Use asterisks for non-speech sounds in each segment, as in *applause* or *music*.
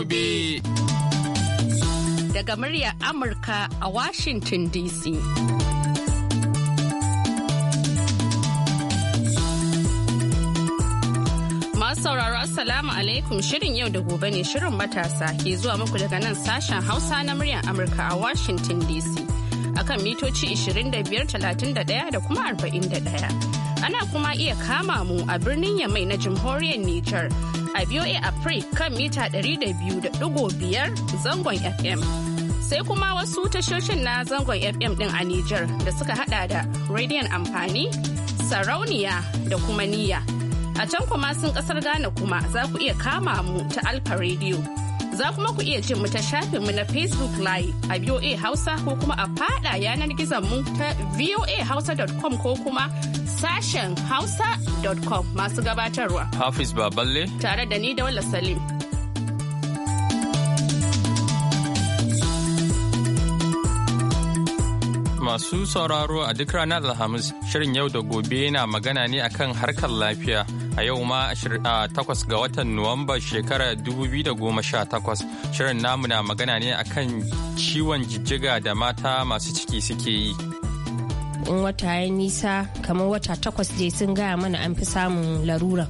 gobe. Daga muryar Amurka a Washington DC. Masu sauraro Assalamu alaikum shirin yau da gobe ne shirin matasa ke zuwa muku daga nan sashen Hausa na muryar Amurka a Washington DC. Akan mitoci 25,31 da kuma 41. Ana kuma iya kama mu a birnin Yamai na jamhuriyar Nijar a VOA Africa kan mita ɗari da da biyu biyar zangon FM. Sai kuma wasu tashoshin na zangon FM ɗin a Nijar da suka hada da rediyon amfani, sarauniya da kuma niyya. A can kuma sun ƙasar Ghana kuma za ku iya kama mu ta Alfa Radio. Za kuma ku iya jin mu ta shafin mu na Facebook Live a VOA Hausa ko kuma a fada yanar gizon mu ta voahausa.com ko kuma sashen hausa.com masu gabatarwa. Hafiz Baballe. Tare da ni da Walla Salim. Masu sauraro a duk ranar Alhamis shirin yau da gobe yana magana ne akan harkar lafiya. a yau ma 8 ah, ga watan Nuwamba shekarar 2018 shirin namu na magana ne akan ciwon jijjiga da mata masu ciki suke yi. In wata ya nisa kamar wata takwas dai sun gaya mana an fi samun laruran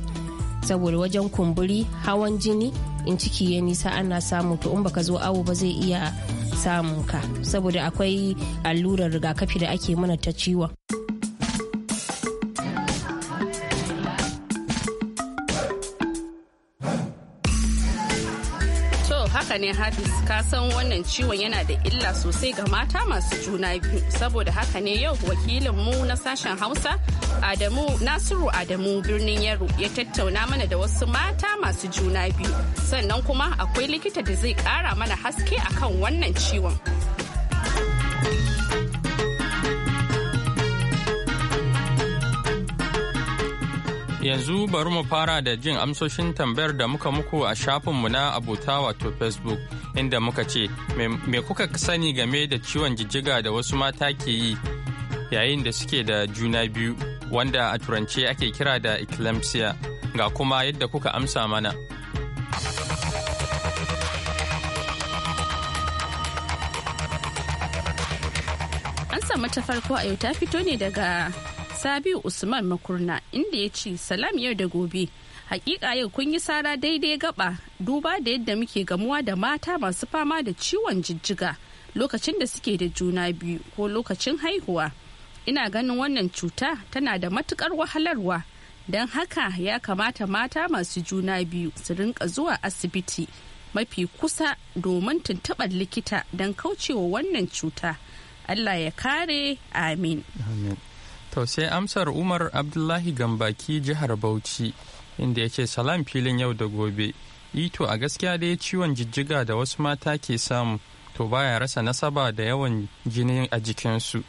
saboda wajen kumburi hawan jini in ciki ya nisa ana samu to in baka zo awo ba zai iya samun ka saboda akwai allurar rigakafi da ake mana ta ciwon. haka ne hadis ka san wannan ciwon yana da illa sosai ga mata masu juna biyu saboda haka ne yau wakilinmu na sashen hausa adamu nasiru adamu birnin yaro ya tattauna mana da wasu mata masu juna biyu sannan kuma akwai likita da zai kara mana haske akan wannan ciwon. Yanzu bari mu fara da jin amsoshin tambayar da muka muku a shafinmu na abota wato Facebook inda muka ce me kuka sani game da ciwon jijjiga da wasu mata ke yi yayin da suke da juna biyu wanda a turance ake kira da eclampsia ga kuma yadda kuka amsa mana. An samu ta farko a yau ta fito ne daga Sabiu Usman Makurna inda ya ce salam yau da gobe. Hakika yau kun yi sara daidai gaba duba da yadda muke gamuwa da mata masu fama da ciwon jijjiga lokacin da suke da juna biyu ko lokacin haihuwa. Ina ganin wannan cuta tana da matukar wahalarwa don haka ya kamata mata masu juna biyu su rinka zuwa asibiti mafi kusa domin tuntuɓar likita don kaucewa wannan cuta. Allah ya kare amin. To sai amsar Umar Abdullahi Gambaki jihar Bauchi inda ya ce salam filin yau da gobe. Ito a gaskiya da ya ciwon jijjiga da wasu mata ke samu to baya rasa nasaba da yawan jini a jikinsu.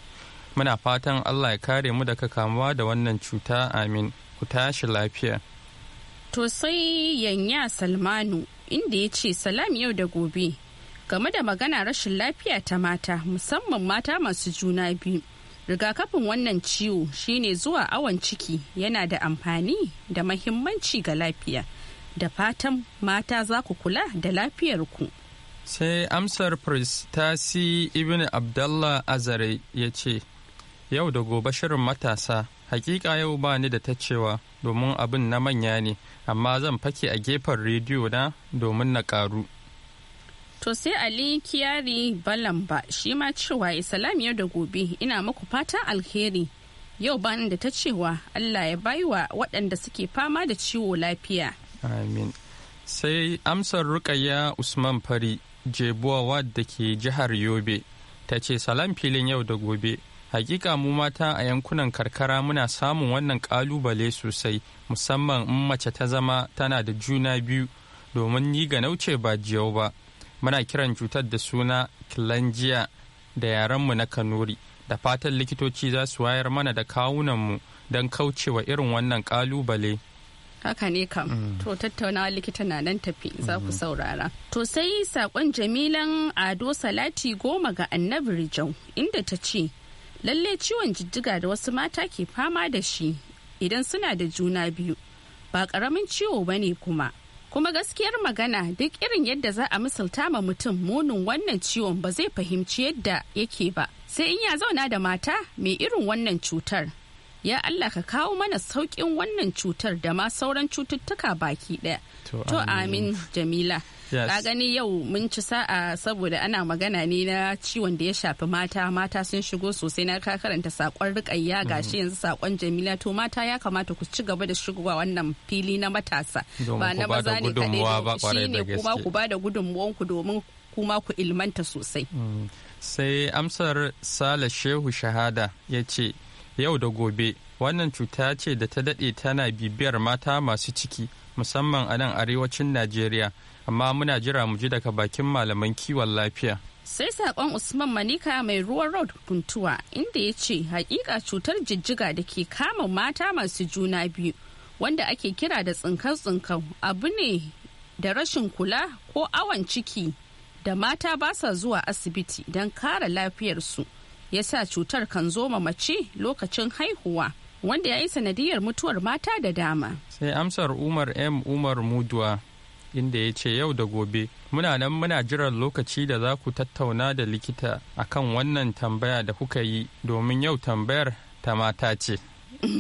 Muna fatan Allah ya kare mu daga kamuwa da wannan cuta amin. Ku tashi lafiya. To sai yanya Salmanu inda ya ce salam yau da gobe game da magana rashin lafiya ta mata musamman mata masu juna biyu. rigakafin wannan ciwo shine zuwa awon ciki yana da amfani da mahimmanci ga lafiya da fatan mata za ku kula da lafiyar ku. sai amsar si ibn abdallah azare ya ce yau da gobe shirin matasa hakika yau ba ni da ta cewa domin abin na manya ne amma zan fake a gefen rediyo na domin na karu To sai Ali Kiyari ba shi ma cewa salam yau da gobe ina muku fatan alheri. Yau bani da ta cewa Allah ya wa waɗanda suke fama da ciwo lafiya. Amin. Sai amsar rukayya Usman Fari Jebuwa da ke jihar Yobe ta ce salam filin yau da gobe. Hakika mu mata a yankunan karkara muna samun wannan kalubale sosai musamman in mace ta zama tana da juna biyu domin ni ga nauce ba jiyau ba. muna kiran cutar da suna kilanjiya da yarenmu na kanuri da fatan likitoci za su wayar mana da kawunanmu don kaucewa irin wannan kalubale. haka ne kam mm. to tattaunawa likita na nan tafi za ku mm. saurara to sai sakon jamilan ado salati goma ga annabi rijau inda ta ce lalle ciwon jijjiga da wasu mata ke fama da shi idan suna da juna biyu ba ƙaramin ciwo bane kuma kuma gaskiyar magana duk irin yadda za a misalta ma mutum munin wannan ciwon ba zai fahimci yadda yake ba sai in ya zauna da mata mai irin wannan cutar ya Allah ka kawo mana sauƙin wannan cutar da ma sauran cututtuka baki ɗaya to amin jamila ka gani yau mun ci sa'a saboda ana magana ne na ciwon da ya shafi mata mata sun shigo sosai na ka karanta sakon rikayya gashi yanzu sakon jamila to mata ya kamata ku ci gaba da shigowa wannan fili na matasa ba na maza ne shi ne kuma ku ba da ku domin kuma ku ilmanta sosai mm. sai amsar sale shehu shahada ya ce yau da gobe wannan cuta ce da ta daɗe tana bibiyar mata masu ciki musamman a nan arewacin najeriya amma muna jira mu ji daga bakin malaman kiwon lafiya. sai sakon usman manika mai ruwan road kuntuwa inda ya ce hakika cutar jijjiga da ke kama mata masu juna biyu wanda ake kira da tsinkan tsinkau abu ne da rashin kula ko awon ciki da mata ba sa zuwa asibiti don kare lafiyarsu ya sa cutar kan zo ma mace lokacin haihuwa wanda ya yi sanadiyar mutuwar mata da dama sai amsar umar m umar muduwa inda ya ce yau da gobe muna nan muna jiran lokaci da za ku tattauna da likita akan wannan tambaya da kuka yi domin yau tambayar ta mata ce.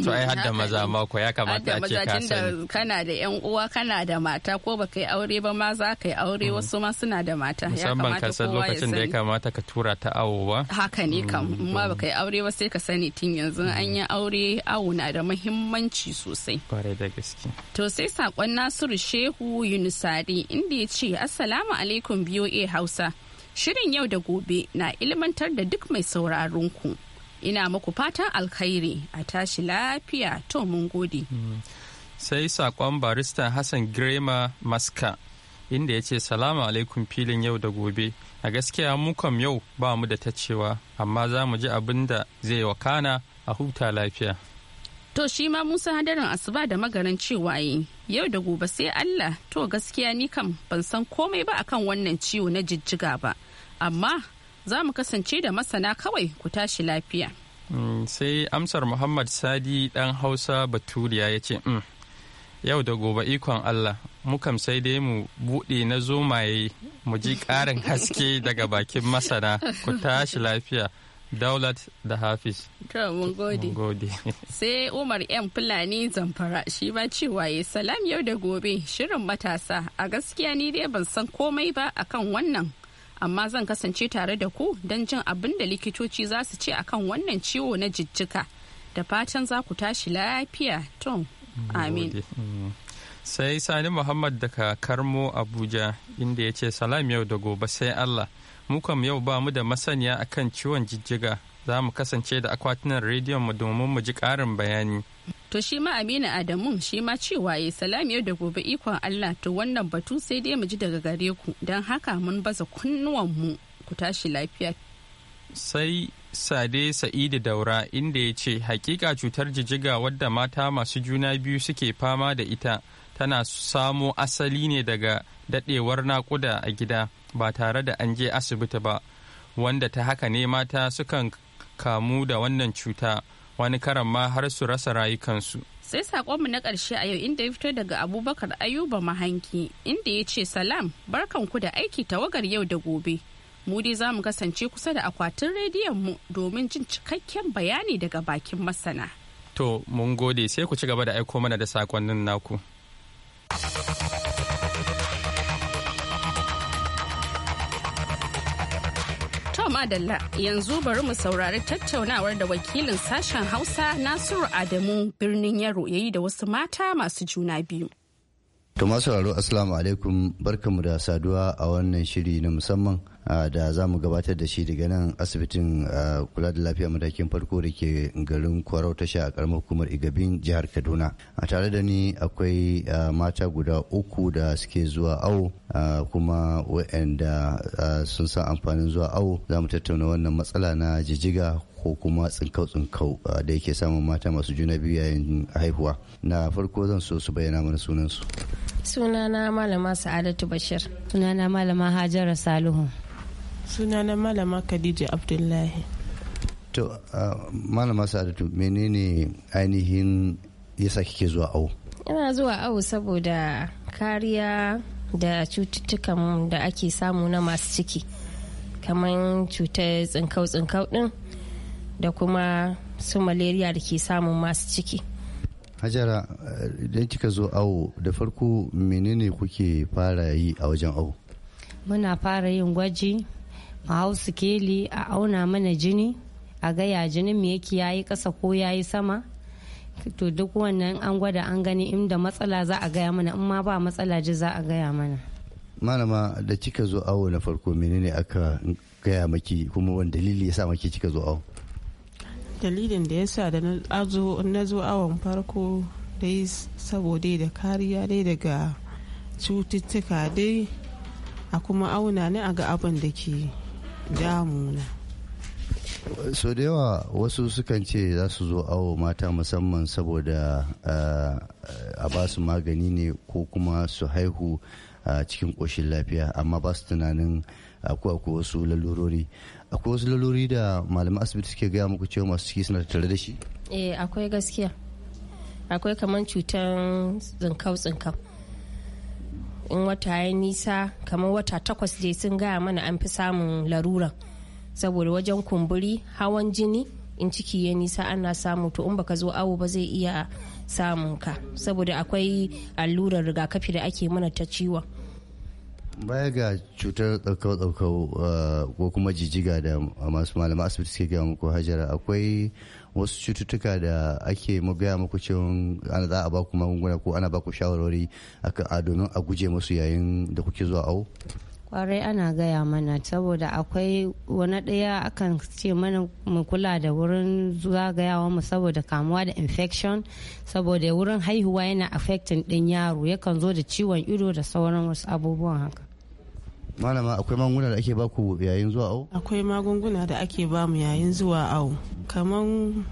to ai hadda maza mako ya kamata a ce ka sani kana da yan uwa kana da mata ko baka yi aure ba ma za ka yi aure mm. wasu ma suna da mata musamman ka san lokacin da ya kamata ka tura ta awo ba haka ne kam mm, ma baka mm. yi aure ba sai ka sani tun yanzu an yi aure awo na da muhimmanci sosai kware da gaske to sai sakon Nasiru Shehu Yunusari inda ya ce assalamu alaikum BOA Hausa shirin yau da gobe na ilmantar da duk mai sauraron ku ina muku fatan alkhairi a tashi lafiya to mun gode hmm. sai saƙon barista hassan grema maska inda ya ce salamu alaikum filin yau da gobe a gaskiya mukam yau ba mu da ta cewa amma za mu ji abin da zai wakana a huta lafiya to shi ma musa hadarin asuba da magaran cewa yau da gobe sai allah to gaskiya ni kam ban san komai ba akan wannan ciwo na jijjiga ba amma za mu kasance da masana kawai ku tashi lafiya. Mm, sai amsar Muhammad Sadi ɗan Hausa Baturiya ya ce, mm, Yau da gobe ikon Allah, mukam sai dai mu buɗe na zomaye mu ji ƙarin *laughs* haske daga bakin masana ku tashi lafiya. Daulat da Hafiz. To, mun gode. *laughs* Sai Umar M. Fulani Zamfara shi ba cewa ya salam yau da gobe shirin matasa a gaskiya ni dai ban san komai ba akan wannan amma zan kasance tare da ku don jin abin da likitoci za su ce akan wannan ciwo na jijjika da fatan za ku tashi lafiya tom amin mm. sai sani muhammad daga karmo abuja inda ya ce salam yau da gobe sai allah mu yau ba mu da masaniya akan ciwon jijjiga za mu kasance da akwatunan rediyon mu domin mu ji ƙarin bayani. To shi ma Aminu Adamu shi ma cewa ya salam da gobe ikon Allah to wannan batu sai dai mu ji daga gare ku don haka mun baza mu ku tashi lafiya. Sai Sade Sa'idu Daura inda ya ce hakika cutar jijiga wadda mata masu juna biyu suke fama da ita tana samo asali ne daga dadewar naƙuda a gida ba tare da an je asibiti ba wanda ta haka ne mata sukan kamu da wannan cuta wani karan ma har su rasa rayukansu. sai saƙonmu na ƙarshe a yau inda ya fito daga abubakar ayuba mahanki inda ya ce salam barkanku da aiki tawagar yau da gobe mu dai za mu kasance kusa da akwatin rediyon mu domin jin cikakken bayani daga bakin masana. To, mun gode sai ku ci gaba da aiko mana da sakonnin naku. madalla yanzu bari mu saurari tattaunawar da wakilin sashen Hausa Nasiru Adamu birnin Yaro yayi da wasu mata masu juna biyu. To sauraro Assalamu alaikum barkamu da saduwa a wannan shiri na musamman da za mu gabatar da shi daga nan asibitin kula da lafiya matakin farko da ke garin Kwarau tasha a karamar hukumar Igabin jihar Kaduna. A tare da ni akwai mata guda uku da suke zuwa awo kuma wa'anda sun san amfanin zuwa awo za mu tattauna wannan matsala na jijiga ko kuma tsinkau-tsinkau ah, da yake samun mata masu juna biyu yayin haihuwa na farko zan so su bayyana mana sunansu sunana malama sa'adatu bashir sunana malama hajara saluhu sunana malama khadija abdullahi to ah, malama sa'adatu menene ainihin yasa kike zuwa awo ina zuwa au saboda kariya da cututtukan da ake samu na masu ciki kamar cutar tsinkau-tsinkau din da kuma su malaria da ke samun masu ciki hajara idan kika zo awo da farko menene kuke fara yi a wajen awo muna fara yin gwaji a hau sikeli a auna mana jini a gaya jini me yake yayi ƙasa ko yayi sama to duk wannan an gwada an gani inda matsala za a gaya mana in ma ba matsala ji za a gaya mana malama da kika zo awo na farko menene aka gaya maki kuma wani dalili ya sa maki kika zo awo dalilin da ya sa da na zo awon farko dai saboda da kariya dai daga cututtuka dai a kuma auna ne a ga abin da ke damuna so da yawa wasu sukan ce za su zo awo mata musamman saboda eh, a ba su magani ne ko kuma su haihu a eh, cikin koshin lafiya amma ba su tunanin akwai wasu lalurori akwai wasu lalori da malaman asibiti suke gaya muku cewa masu ciki suna tare da shi eh akwai gaskiya akwai kamar cutar zinkau zinkau in wata ya nisa kamar wata takwas dai sun gaya mana an fi samun laruran saboda wajen kumburi hawan jini in ciki ya nisa ana samu to in baka zo awo ba zai iya samun ka saboda akwai allurar rigakafi da ake mana ta ciwon baya ga cutar ɗaukau-ɗaukau uh, ko kuma jijiga da masu malama asibiti suke gaya muku hajara akwai wasu cututtuka da ake gaya muku cewa ana za a ba ku magunguna ko ana ba ku shawarwari a domin a guje musu yayin da kuke zuwa au. kwarai ana gaya mana saboda akwai wani ɗaya akan ce mana mu kula da wurin zuwa zagayawa mu saboda kamuwa da infection saboda wurin haihuwa yana affecting ɗin yaro yakan zo da ciwon ido da sauran wasu abubuwan haka malama akwai magunguna da ake baku yayin zuwa au akwai magunguna da ake bamu yayin zuwa awo kaman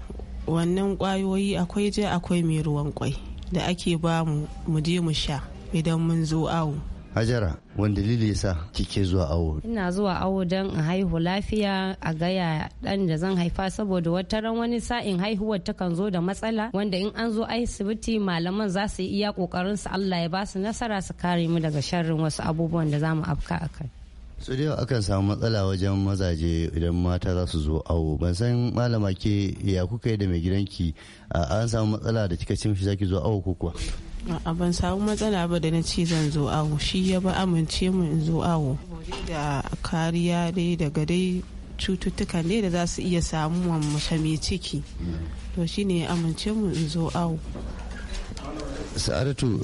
wannan kwayoyi akwai je akwai mai ruwan kwai da ake bamu mu je mu sha idan mun zo awo Hajara, wani dalili sa kike zuwa awo? Ina zuwa awo don in haihu lafiya a gaya dan da zan haifa saboda wata ran wani sa'in haihuwar kan zo da matsala wanda in an zo asibiti malaman za su iya kokarin su Allah ya ba su nasara su kare mu daga sharrin wasu abubuwan da za mu afka kai. su da akan samu matsala wajen mazaje idan mata za su zo awo ban san malama ke ya kuka yi da mai gidanki an samu matsala da kika cin shi zaki zo awo ko kuwa a ban samu matsala ba da na ce zan zo awo shi ya ba amince mu in zo awo da kariya dai daga dai cututtukan dai da za su iya samu mace mai ciki to shine ne amince mu in zo awo sa'adatu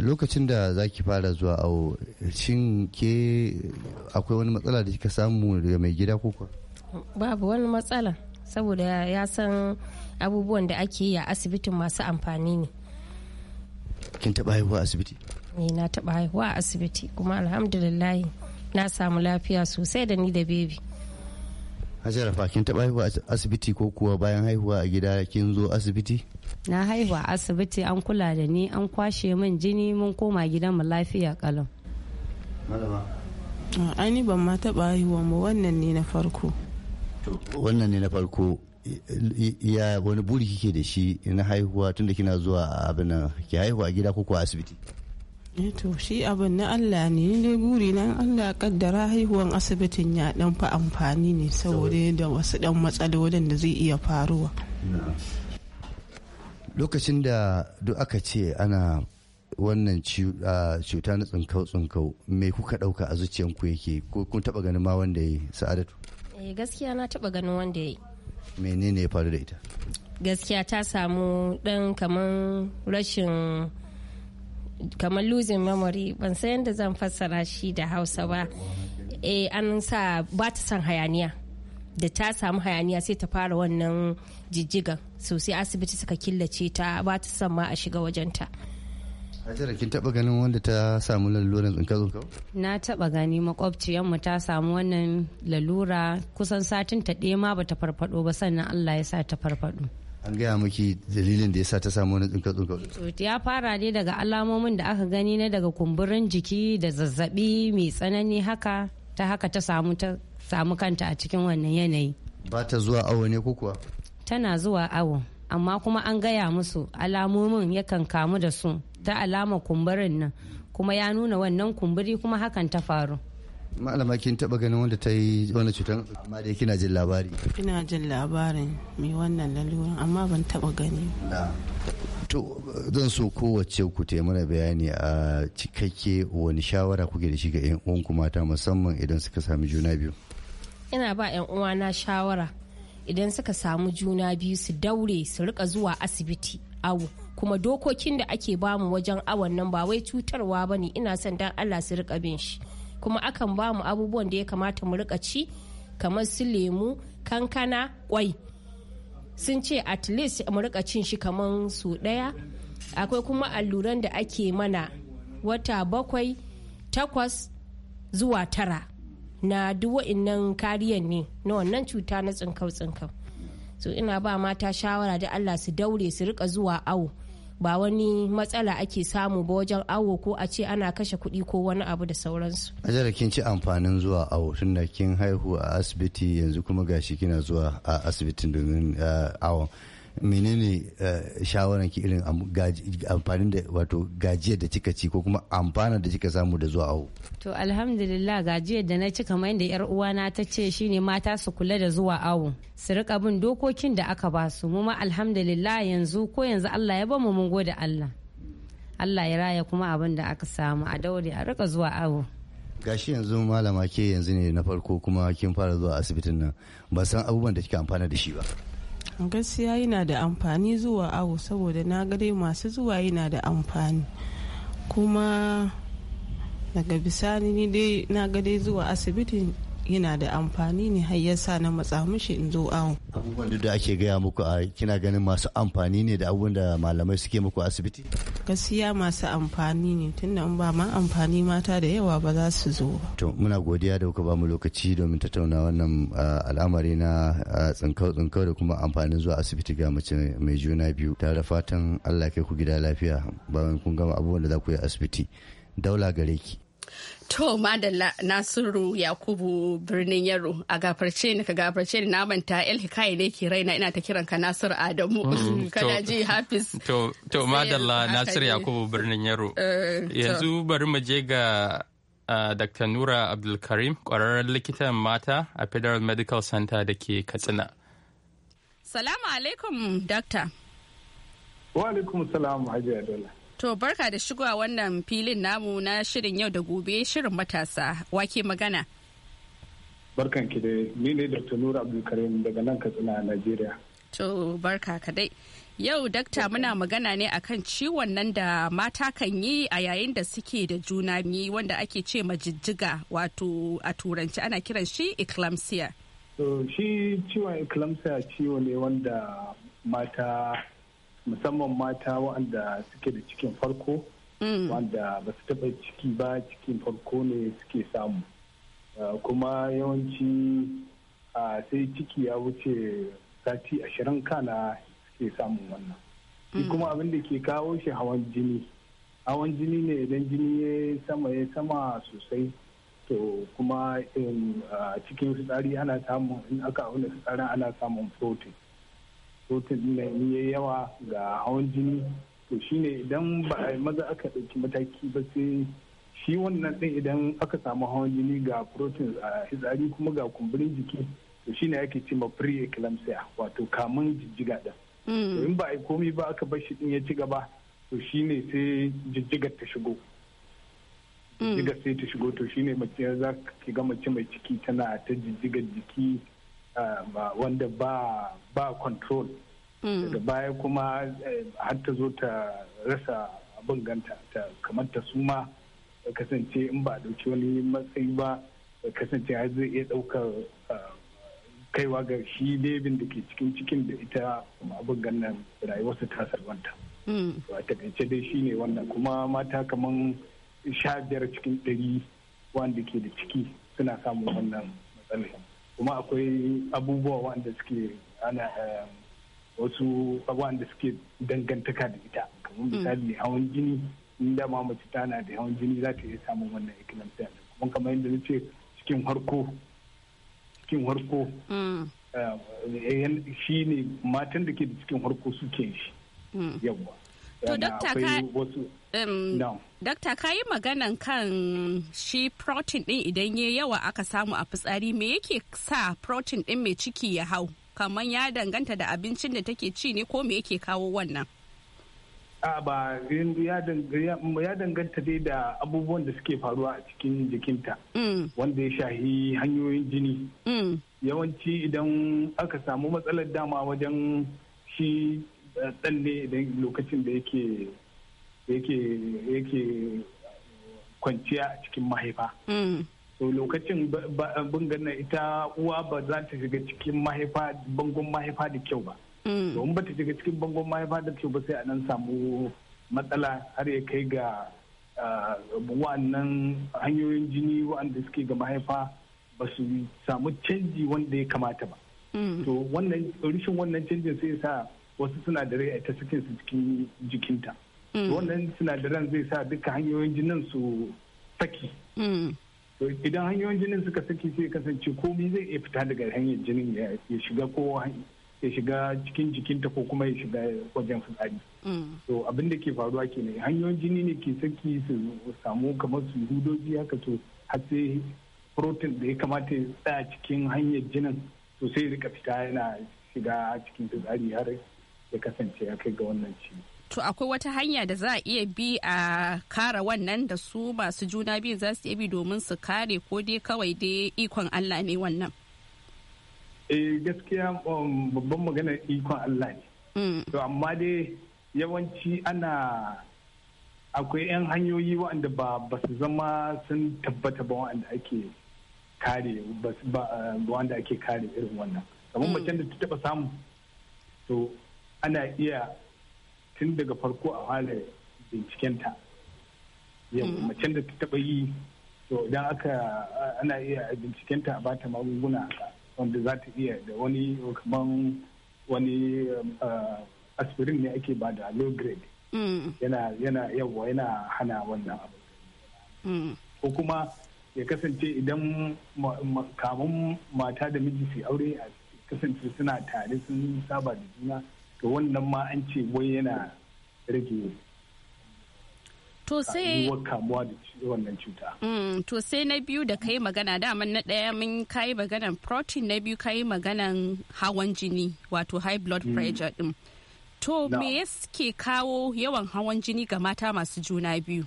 lokacin da za ki fara zuwa awo shin ke akwai wani matsala da kika samu daga mai gida kuka babu wani matsala saboda ya san abubuwan da ake yi a asibitin masu amfani ne kin taba haihuwa a asibiti ni na taba haihuwa a asibiti kuma alhamdulillah na samu lafiya sosai da ni da baby. hajara fa kin taba haihuwa a asibiti ko kuwa bayan haihuwa a gida kin zo asibiti na haihuwa a asibiti an kula da ni an kwashe min jini mun koma gidan mu lafiya kalau malama ni ban ma taba haihuwa ba wannan ne na farko wannan ne na farko ya wani buri kike da shi na haihuwa tunda kina zuwa abin ki haihuwa gida ko kuwa asibiti eh to shi abin na Allah ne ni dai buri na Allah kaddara haihuwan asibitin ya dan fa amfani ne saboda da wasu dan matsalolin da zai iya faruwa lokacin da duk aka ce ana wannan cuta na tsinkau tsinkau me kuka dauka a zuciyanku yake ko kun taba ganin ma wanda ya yi sa'adatu eh, gaskiya na taba ganin wanda ya yi menene ya faru da ita gaskiya ta samu dan kamar rashin kamar losing memory ban san yadda zan fassara shi da hausa ba e, an sa ba ta son hayaniya da ta samu hayaniya sai ta fara wannan jijjigan sosai asibiti suka killace ta ba ta son ma a shiga wajenta Hajara kin taba ganin wanda ta samu lalurar tsinka tsinka? Na taba gani makwabciyar mu ta samu wannan lalura kusan satin ta ɗaya ma bata farfado ba sannan Allah ya sa ta farfado. An gaya miki dalilin da ya sa ta samu wani tsinka tsinka? Ya fara ne daga alamomin da aka gani na daga kumburin jiki da zazzabi mai tsanani haka ta haka ta samu ta samu kanta a cikin wannan yanayi. Ba ta zuwa awo ne ko kuwa? Tana zuwa awo. amma kuma an gaya musu alamomin yakan kamu da su ta alama kumburin nan kuma ya nuna wannan kumburi kuma hakan ta faru malama kin taba ganin wanda ta yi wani cutar amma dai kina jin labari kina jin labarin mai wannan laluran amma ban taba gani to zan so kowace ku ta mana bayani a cikakke wani shawara kuke da shi ga yan uwanku mata musamman idan suka sami juna biyu ina ba yan uwana shawara idan suka samu juna biyu su daure su rika zuwa asibiti awo kuma dokokin da ake bamu wajen awon nan ba wai cutarwa ba ne ina son dan allah su rika bin shi kuma akan bamu abubuwan da ya kamata mu rika ci kamar su lemu kankana kwai sun ce at least mu rika cin shi kamar su daya akwai kuma alluran da ake mana wata bakwai takwas zuwa tara na duk wa'innan kariyan ne na wannan cuta na tsinkau tsinkau so ina ba mata shawara da allah su daure su rika zuwa awo ba wani matsala ake samu ba wajen awo ko a ce ana kashe kuɗi ko wani abu da sauransu. Ajara kin ci amfanin zuwa awo tun da kin haihu a asibiti yanzu kuma gashi kina zuwa a asibitin domin eh, awon. menene eh, shawaran ki irin amfanin da wato gajiyar da kika ci ko kuma amfana da kika samu da zuwa awo to alhamdulillah gajiyar da na ci kamar yadda yar uwana ta ce shine mata su kula da zuwa awo su rika bin dokokin da aka ba su mu ma alhamdulillah yanzu ko yanzu Allah ya bamu mun gode Allah Allah ya raya kuma abin da aka samu a daure a rika zuwa awo gashi yanzu malama ke yanzu ne na farko kuma kin fara zuwa asibitin nan ba san abubuwan da kika amfana da shi ba gaskiya yana da amfani zuwa awo saboda na gare masu zuwa yana da amfani kuma daga bisani ni dai na gade zuwa asibiti yana da amfani ne har yasa na matsa mishi in zo awon. abubuwan da ake gaya muku a kina ganin masu amfani ne da abubuwan da malamai suke muku asibiti gaskiya masu amfani ne tunda in ba ma amfani mata da yawa ba za su zo ba. To muna godiya da kuka ba mu lokaci domin tattauna wannan al'amari na tsinkau-tsinkau da kuma amfanin zuwa asibiti ga mace mai juna biyu tare fatan Allah kai ku gida lafiya bayan kun gama abubuwan da za ku yi asibiti. Daula gare ki. To Madalla Nasiru Yakubu birnin Yaro a gafarce ni ka gafarce ni na manta El Hikaye ne ke raina ina ta kiranka Nasiru Adamu mm, *laughs* kada ji Hafiz. To to Madalla Nasiru Yakubu birnin Yaro. Eh, Yanzu bari mu je ga ah, Dr. Nura Abdulkarim kwararren likitan mata a Federal Medical Center da ke Katsina. Salamu alaikum Dr. Wa alaikum salam Hajiya Dola. To barka da shigowa wannan filin namu na shirin yau da gobe shirin matasa wake magana. Barkan ki da ni ne Dr. Nura Abdulkarim daga nan Katsina a Najeriya. To barka ka dai. Yau dakta muna magana ne akan ciwon nan da mata kan yi a yayin da suke da juna biyu wanda ake ce majijjiga jijjiga wato a turanci ana kiran shi eclampsia. To shi ciwon eclampsia ciwo ne wanda mata musamman mata waɗanda suke da cikin farko mm. wanda ba su taɓa ciki ba cikin farko ne suke samu uh, kuma yawanci sai ciki ya wuce sati ashirin kana suke samun wannan shi mm. kuma abin da ke kawo shi hawan jini hawan jini ne idan jini ya sama ya sama sosai to kuma um, cikin fitsari ana samun in aka auna fitsarin ana samun protein protein din ya yawa ga hawan jini to shine idan ba a maza aka ɗauki mataki ba sai shi wannan ɗin idan aka samu hawan jini ga protein a fitsari kuma ga kumburin jiki to shine ake ce ma pre-eclampsia wato kamun jijjiga ɗin mm. in ba a yi komi ba aka bar shi ɗin ya ci gaba to shine sai jijjigar ta shigo mm. jijjigar sai ta shigo to shine mace za ki ga mace mai ciki tana ta jijjigar jiki wanda ba ba control hmm. daga baya kuma eh, har ta zo ta rasa abin ganta ta kamar ta suma kasance in ba dauki wani matsayi ba kasance har zai iya daukar eh, kaiwa ga shi lebin da ke cikin cikin da ita abin gannan rayuwarsa ta salwanta. Hmm. a takaice dai shi ne wannan kuma mata kamar sha biyar cikin ɗari wanda ke da ciki suna samun wannan matsalai. kuma akwai abubuwa wanda suke ana eh, wasu wanda suke dangantaka da ita kamar mm. misali hawan jini in ma mace tana da hawan jini za ta iya samun wannan eclampsia kuma kamar yadda nace cikin harko cikin harko mm. eh, eh, shi ne matan da ke da cikin harko suke shi mm. yawwa to dokta ka Um, no. Dakta ka yi maganan kan shi protein din idan ya yawa aka samu a fitsari me yake sa protein din mai ciki ya hau kamar ya danganta da abincin da take ci ne ko me yake kawo wannan? a ba ya danganta dai da abubuwan da suke faruwa a cikin jikinta mm. wanda ya shahi hanyoyin jini mm. yawanci idan aka samu matsalar dama wajen shi eh, tsalle idan lokacin da yake yake kwanciya a cikin mahaifa so mm. lokacin bungan na ita uwa ba za ta shiga cikin mahaifa bangon mahaifa da kyau ba mm. domin ba ta shiga cikin bangon mahaifa da kyau ba sai a nan samu matsala har ya kai ga wa'annan hanyoyin jini wa'anda suke ga mahaifa ba su samu canji wanda ya kamata ba mm. to wannan rishin wannan canjin sai sa wasu rai a ta cikin su cikin jikinta Mm. wannan sinadaran zai sa duka hanyoyin jinin su saki mm. idan hanyoyin jinin suka saki sai kasance komai zai iya fita daga hanyar jinin ya shiga ya shiga cikin jikinta ko kuma ya shiga wajen fitsari mm. to abin da ke faruwa ke ne hanyoyin jini ne ke saki su samu kamar su hudoji haka to har sai protein da ya kamata ya tsaya cikin hanyar jinin to sai rika fita yana shiga cikin fitsari har ya kasance ya kai ga wannan ciwo to akwai wata hanya da za a iya bi a kara wannan da su masu juna biyu za su iya bi domin su kare ko dai kawai dai ikon Allah ne wannan eh gaskiya um, babban magana ikon Allah ne mm. to amma dai yawanci ana akwai 'yan hanyoyi waɗanda ba ba su zama sun tabbata ba waɗanda ake kare wanda ake kare irin wannan kamar mm. macen da ta taba samu to ana iya tun daga farko a wala bincikenta mm-hmm. macen da ta taɓa yi to idan aka ana iya bincikenta a bata magunguna wanda za ta iya da wani kaman wani eh, aspirin ne ake ba da low grade mm. yana yana yawa yana hana wannan abu mm. ko kuma ya kasance idan kamun mata da miji su aure a kasance suna tare sun saba da juna to wannan ma an ce wai yana rage to sai cuta. Mm, na biyu da kai magana dama na ɗaya mun kai maganan protein na biyu kai maganan hawan jini wato high blood mm. pressure ɗin. To me ya ke kawo yawan hawan jini ga mata masu juna biyu?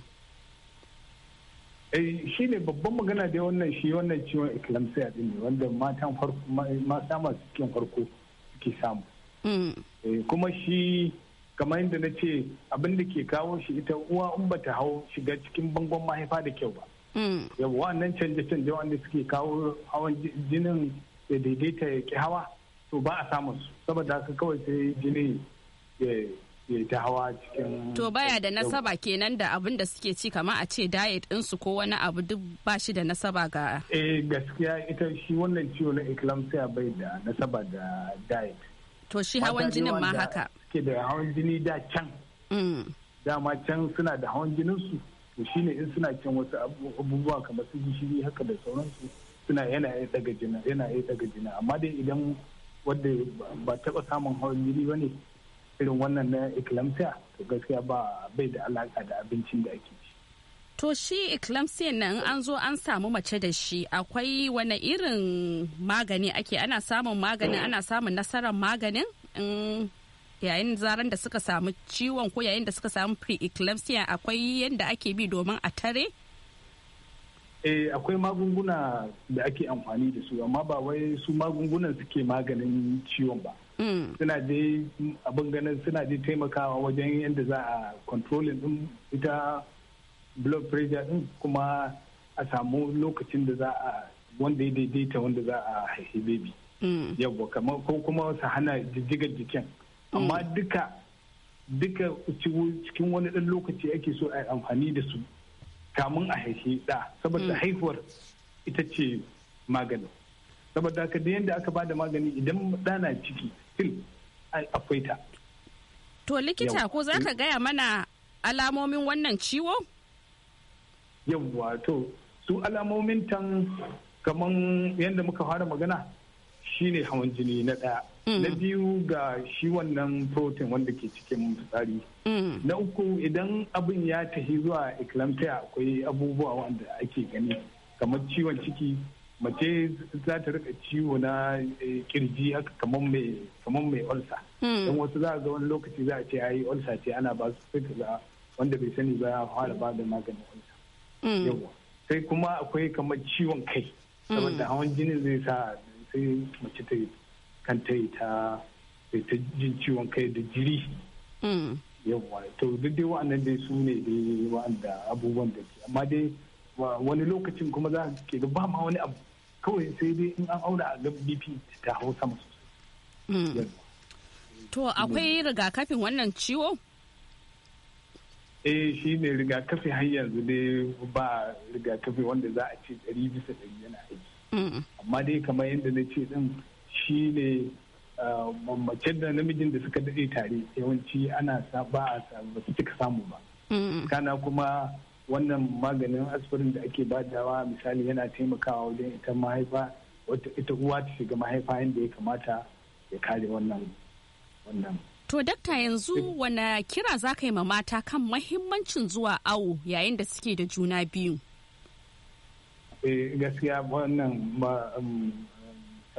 Eh, shi ne babban magana da wannan shi wannan ciwon eclampsia ɗin ne wanda mata masu cikin farko suke samu. Mm. Eh, kuma shi kamar yadda na ce abin da ke kawo shi ita uwa in bata hau shiga cikin bangon mahaifa da kyau ba mm. yawa wannan canje-canje wanda suke kawo hawan jinin da daidaita ya ki hawa to ba a samun su saboda haka kawai sai jini ya ta hawa cikin to baya da nasaba kenan da abin da suke ci kama a ce diet su ko wani abu duk ba shi da nasaba ga eh gaskiya ita shi wannan ciwo na eclampsia bai da nasaba da diet to shi hawan jinin ma haka ke da hawan jini da can mm. dama can suna da hawan jinin su to shine in suna cin wasu abubuwa kamar su gishiri haka da sauransu suna yana iya daga jina yana daga jina amma dai idan wanda ba taba samun hawan jini ba ne irin wannan na eclampsia to gaskiya ba bai da alaka da abincin da ake To shi eclampsia nan an zo an samu mace da shi akwai wani irin magani ake ana samun maganin ana samun nasarar maganin yayin zaran da suka samu ciwon ko yayin da suka samu pre-eclampsia akwai yadda ake bi domin a tare? Eh akwai magunguna da ake amfani da su amma ba wai su magungunan suke maganin ciwon ba. Hmm. Suna je abin ganin suna je taimakawa wajen yadda za a controlling din ita blood pressure din kuma a samu lokacin da za a wanda ya daidaita wanda za a haifi baby mm. yawwa kamar ko kuma su hana jijjigar jikin amma mm. duka duka cikin wani ɗan lokaci ake so a yi amfani da su kamun a haifi da saboda mm. haihuwar ita ce magani saboda haka da yadda aka bada magani idan dana ciki still akwai ta to likita ko za ka gaya mana alamomin wannan ciwo yawwa to su alamomin tan kaman yadda muka fara magana shine hawan jini na ɗaya mm. na biyu ga shi wannan protein wanda ke cikin fitsari mm. na uku idan abin ya tafi zuwa eclampsia akwai abubuwa wanda ake gani kamar ciwon ciki mace za ta rika ciwo na kirji eh, haka kamar mai kamar mai ulsa mm. don wasu za a ga wani lokaci za a ce yi ulsa ce ana ba su sai wanda bai sani ba ya fara ba da maganin ulsa Mm. yawa sai kuma akwai kamar ciwon kai saboda mm. hawan jinin zai sa sai mace ta kanta ta ta jin ciwon kai da jiri mm. yawa to duk dai wa'annan dai su ne dai wa'anda abubuwan da ke amma dai wani lokacin kuma za ke ga ba ma wani abu kawai sai dai in an auna a gab bp ta hau sama sosai to akwai rigakafin wannan ciwo eh shi ne rigakafi har yanzu dai ba rigakafi wanda za a ce ɗari bisa ɗari yana aiki mm. amma dai kamar yadda na ce din shi ne ah, mace da namijin da suka daɗe tare yawanci ana ba a ba su cika samu ba mm. kana kuma wannan maganin aspirin da ake badawa misali yana taimakawa wajen ita mahaifa wata ita uwa ta shiga mahaifa yadda ya kamata ya kare wannan wannan To dakta yanzu mm. wana kira za ka yi ma mata kan mahimmancin zuwa awo yayin da suke da juna biyu? Eh, gaskiya wannan um,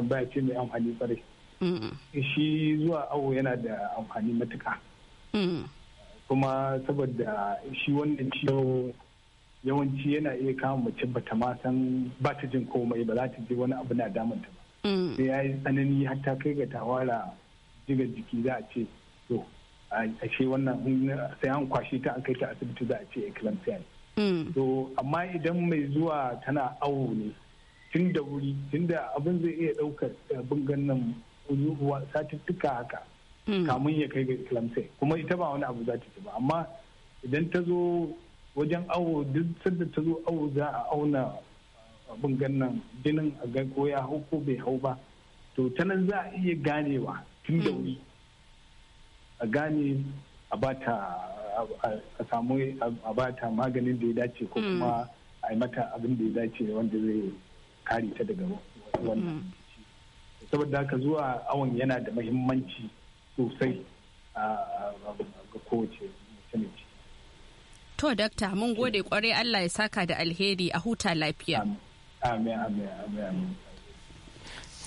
ba ce mai amfani kwarai. Mm. Shi zuwa awo yana da amfani matuka. Mm. Kuma saboda shi wannan ciwo yawanci yana iya kama mace bata ma san ba ta jin komai ba za ta ji wani abu na damunta ba. Sai ya yi tsanani hatta kai ga tawara jiga jiki za a ce a shi wannan sai an kwashi ta an kai ta asibiti za a ce eclampsia ne mm. to amma idan mai zuwa tana awo ne tun da wuri tun da abin zai iya ɗaukar abin gannan satuttuka haka mm. kamun ya kai ga eclampsia kuma ita ba wani abu za ta ci ba amma idan ta zo wajen awo duk sanda ta zo awo za a auna abin gannan jinin a ga ko ya hau ko bai hau ba to ta za a iya ganewa tun da mm. wuri a gane a bata a samu a bata maganin da ya dace ko mm. kuma a yi mata abin da ya dace wanda zai kare ta daga wannan mm. saboda haka zuwa awon yana da mahimmanci sosai ga kowace mutumci To, dakta mun gode kwarai Allah ya saka da alheri a huta lafiya. Amin, amin, amin, amin.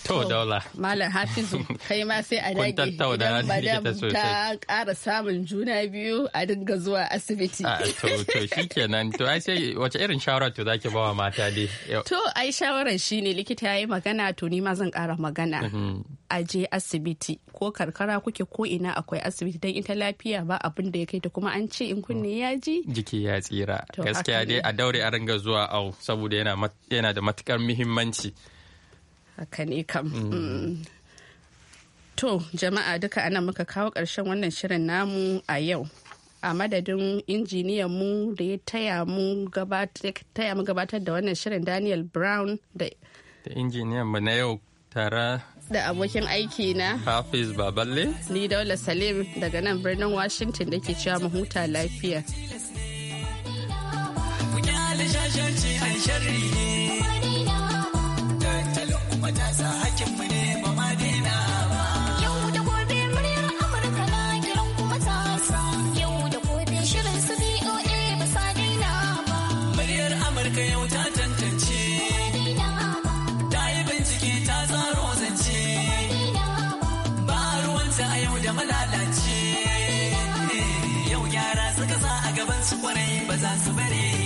To *laughs* Malam Hafizu kai ma sai a dage. idan madam Ta ƙara samun juna biyu a dinga zuwa asibiti. To to *laughs* shikenan to ai sai wace irin shawara to zaki bawa mata dai. To ai shawarar ne likita ya yi magana to ni ma zan kara magana. Mm-hmm. Aje asibiti ko karkara kuke ko ina akwai asibiti don ita lafiya ba abin da ya kai ta kuma an ce in kunne ya ji. Jiki ya tsira. Gaskiya dai a daure a ringa zuwa au saboda yana da matukar muhimmanci. haka ne kam mm. Mm. to jama'a duka ana muka kawo ƙarshen wannan shirin namu a yau a madadin injiniyan mu da ya taya mu gabatar da wannan shirin daniel brown da injiniyan mu na yau tara da abokin aiki na hafiz baballe ni daula salim daga nan birnin washington da ke cewa mu huta lafiya matasa hakkin mu ne ba ma daina ba yau da gobe muryar amurka na kiran ku matasa yau da gobe shirin su BOA ba sa daina ba muryar amurka yau ta tantance ta yi bincike ta tsaro zance ba ruwanta a yau da malalace yau gyara suka sa a gaban su kwarai ba za su bare